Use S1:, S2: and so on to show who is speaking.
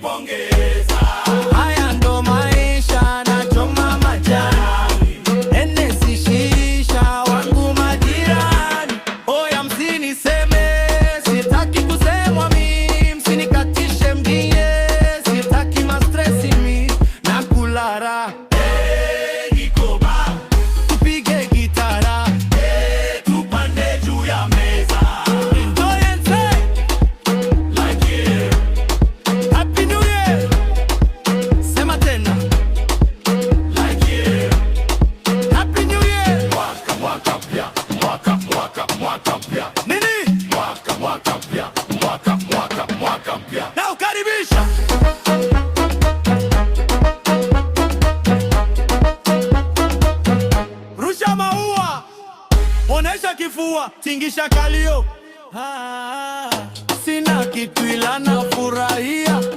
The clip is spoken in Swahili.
S1: tuibonge na ukaribisha rusha maua, onesha kifua, tingisha kalio. Ah, sina kitu ilana